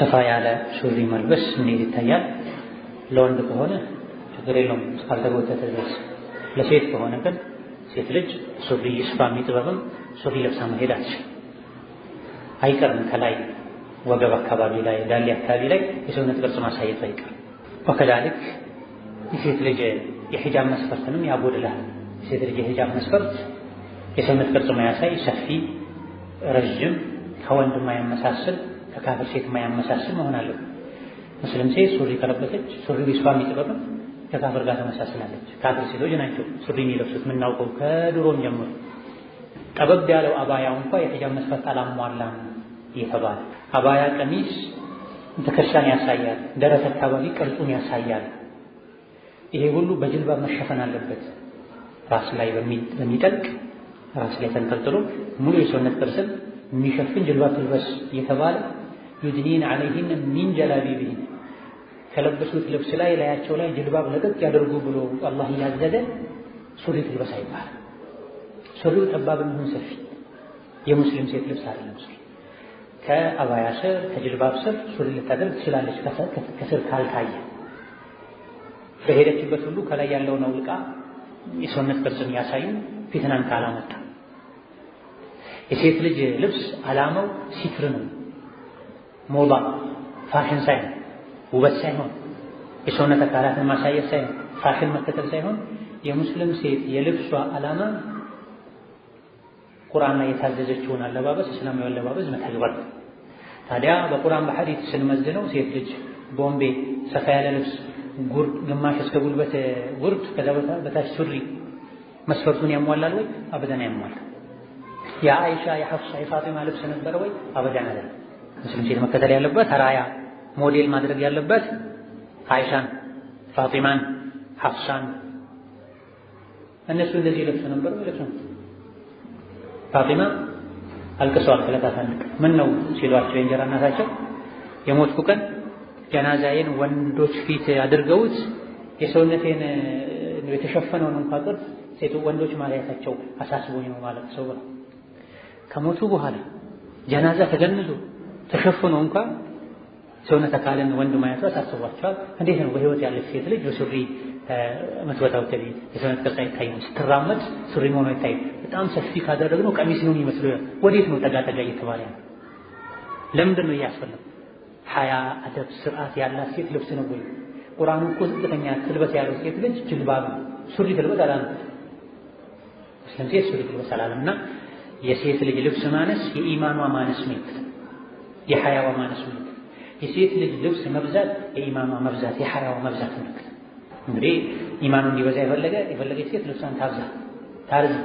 ሰፋ ያለ ሱሪ መልበስ እንዴት ይታያል? ለወንድ ከሆነ ችግር የለውም እስካልተጎተተ ድረስ። ለሴት ከሆነ ግን ሴት ልጅ ሱሪ ይስፋ ይጥበብም ሱሪ ለብሳ መሄድ አትችልም። አይቀርም ከላይ ወገብ አካባቢ ላይ ዳሌ አካባቢ ላይ የሰውነት ቅርጽ ማሳየት አይቀርም። ወከዳልክ የሴት ልጅ የሂጃብ መስፈርትንም ያጎድላል። የሴት ልጅ የሂጃብ መስፈርት የሰውነት ቅርጽ ማያሳይ ሰፊ፣ ረዥም ከወንድ የማይመሳሰል ከካፍር ሴት የማያመሳስል መሆን አለው። ሙስሊም ሴት ሱሪ ከለበሰች ሱሪ ቢስፋ የሚጠበቅም ከካፍር ጋር ተመሳስላለች። ካፍር ሴቶች ናቸው ሱሪ የሚለብሱት የምናውቀው ከድሮም ጀምሮ። ጠበብ ያለው አባያው እንኳ የሒጃብ መስፈርት አላሟላም የተባለ አባያ ቀሚስ ትከሻን ያሳያል፣ ደረት አካባቢ ቅርጹን ያሳያል። ይሄ ሁሉ በጅልባብ መሸፈን አለበት። ራስ ላይ በሚጠልቅ ራስ ላይ ተንጠልጥሎ ሙሉ የሰውነት ቅርስን የሚሸፍን ጅልባብ ትልበስ እየተባለ ዩድኒን ዓለይሂን ሚን ጀላቢቢሂን ከለበሱት ልብስ ላይ ላያቸው ላይ ጅልባብ ለቀቅ ያደርጉ ብሎ አላህ እያዘዘ ሱሪ ትልበስ አይባልም። ሱሪው ጠባብ የሚሆን ሰፊ የሙስሊም ሴት ልብስ አይደለም። ሱሪ ከአባያ ስር ከጅልባብ ስር ሱሪ ልታደርግ ትችላለች፣ ከስር ካልታየ። በሄደችበት ሁሉ ከላይ ያለውን አውልቃ የሰውነት ቅርጽን ያሳዩ ፊትናን ካላመጣ የሴት ልጅ ልብስ ዓላማው ሲትር ነው። ሞዳ ፋሽን ሳይሆን ውበት ሳይሆን የሰውነት አካላትን ማሳየት ሳይሆን ፋሽን መከተል ሳይሆን የሙስሊም ሴት የልብሷ ዓላማ ቁርአን ላይ የታዘዘችውን አለባበስ እስላማዊ አለባበስ መተግበር። ታዲያ በቁርአን በሐዲት ስንመዝነው ሴት ልጅ ቦምቤ፣ ሰፋ ያለ ልብስ፣ ጉርድ ግማሽ እስከ ጉልበት ጉርድ፣ ከዛ በታች ሱሪ መስፈርቱን ያሟላል ወይ? አበደን ያሟላል። የአይሻ የሐፍሳ የፋጢማ ልብስ ነበረ ወይ? አበደን አይደለም። ሙስሊም ሴት መከተል ያለበት ራያ ሞዴል ማድረግ ያለበት አይሻን፣ ፋጢማን፣ ሐፍሳን እነሱ እንደዚህ ይለብሱ ነበር ማለት ነው። ፋጢማ አልቅሰዋል ስለታሳልቅ ምን ነው ሲሏቸው የእንጀራ እናታቸው የሞትኩ ቀን ጀናዛዬን ወንዶች ፊት አድርገውት የሰውነቴን የተሸፈነውን እንኳ ቅርጽ ሴቱ ወንዶች ማለያታቸው አሳስቦኝ ነው ማለት ሰው ከሞቱ በኋላ ጀናዛ ተገንዞ ተሸፍኖ እንኳን ሰውነት አካልን ወንድ ማየቱ አሳስቧቸዋል። እንዴት ነው በህይወት ያለች ሴት ልጅ በሱሪ የምትወጣው? ከቤት የሰውነት ቅርጽ አይታይም። ስትራመድ ሱሪ መሆኑ አይታይም። በጣም ሰፊ ካደረግነው ቀሚስ ነው የሚመስለው። ወዴት ነው ጠጋ ጠጋ እየተባለ ነው? ለምንድን ነው እያስፈለግ? ሀያ አደብ ስርዓት ያላት ሴት ልብስ ነው ወይ? ቁርአኑ እኮ ዝቅተኛ ትልበስ ያለው ሴት ልጅ ጅልባብ ሱሪ ትልበስ አላለም። ሙስሊም ሴት ሱሪ ትልበስ አላለም። እና የሴት ልጅ ልብስ ማነስ የኢማኗ ማነስ ነው የሐያዋ ማነስ ምልክት፣ የሴት ልጅ ልብስ መብዛት የኢማኗ መብዛት የሐያዋ መብዛት ምልክት። እንግዲህ ኢማኑ እንዲበዛ የፈለገ የፈለገች ሴት ልብሷን ታብዛ ታርዝ።